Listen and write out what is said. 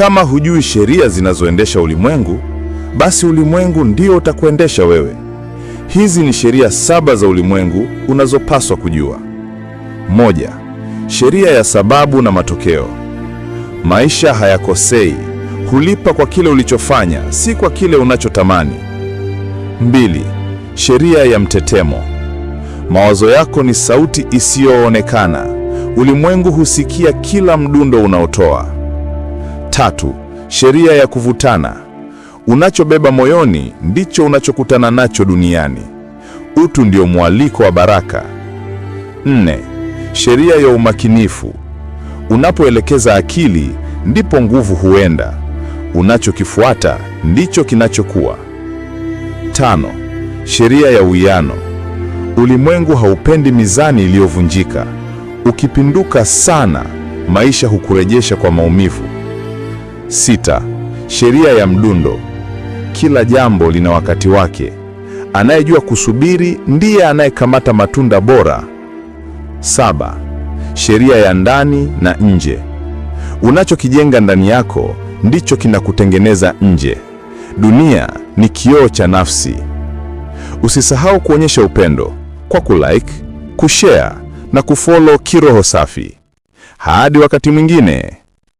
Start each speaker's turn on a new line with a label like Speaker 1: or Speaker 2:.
Speaker 1: Kama hujui sheria zinazoendesha ulimwengu, basi ulimwengu ndio utakuendesha wewe. Hizi ni sheria saba za ulimwengu unazopaswa kujua. Moja, sheria ya sababu na matokeo. Maisha hayakosei, hulipa kwa kile ulichofanya, si kwa kile unachotamani. Mbili, sheria ya mtetemo. Mawazo yako ni sauti isiyoonekana. Ulimwengu husikia kila mdundo unaotoa. Tatu, sheria ya kuvutana. Unachobeba moyoni ndicho unachokutana nacho duniani. Utu ndio mwaliko wa baraka. Nne, sheria ya umakinifu. Unapoelekeza akili ndipo nguvu huenda, unachokifuata ndicho kinachokuwa. Tano, sheria ya uwiano. Ulimwengu haupendi mizani iliyovunjika. Ukipinduka sana, maisha hukurejesha kwa maumivu. Sita, sheria ya mdundo. Kila jambo lina wakati wake. Anayejua kusubiri ndiye anayekamata matunda bora. Saba, sheria ya ndani na nje. Unachokijenga ndani yako ndicho kinakutengeneza nje. Dunia ni kioo cha nafsi. Usisahau kuonyesha upendo kwa kulike, kushare na kufollow Kiroho Safi. Hadi wakati mwingine.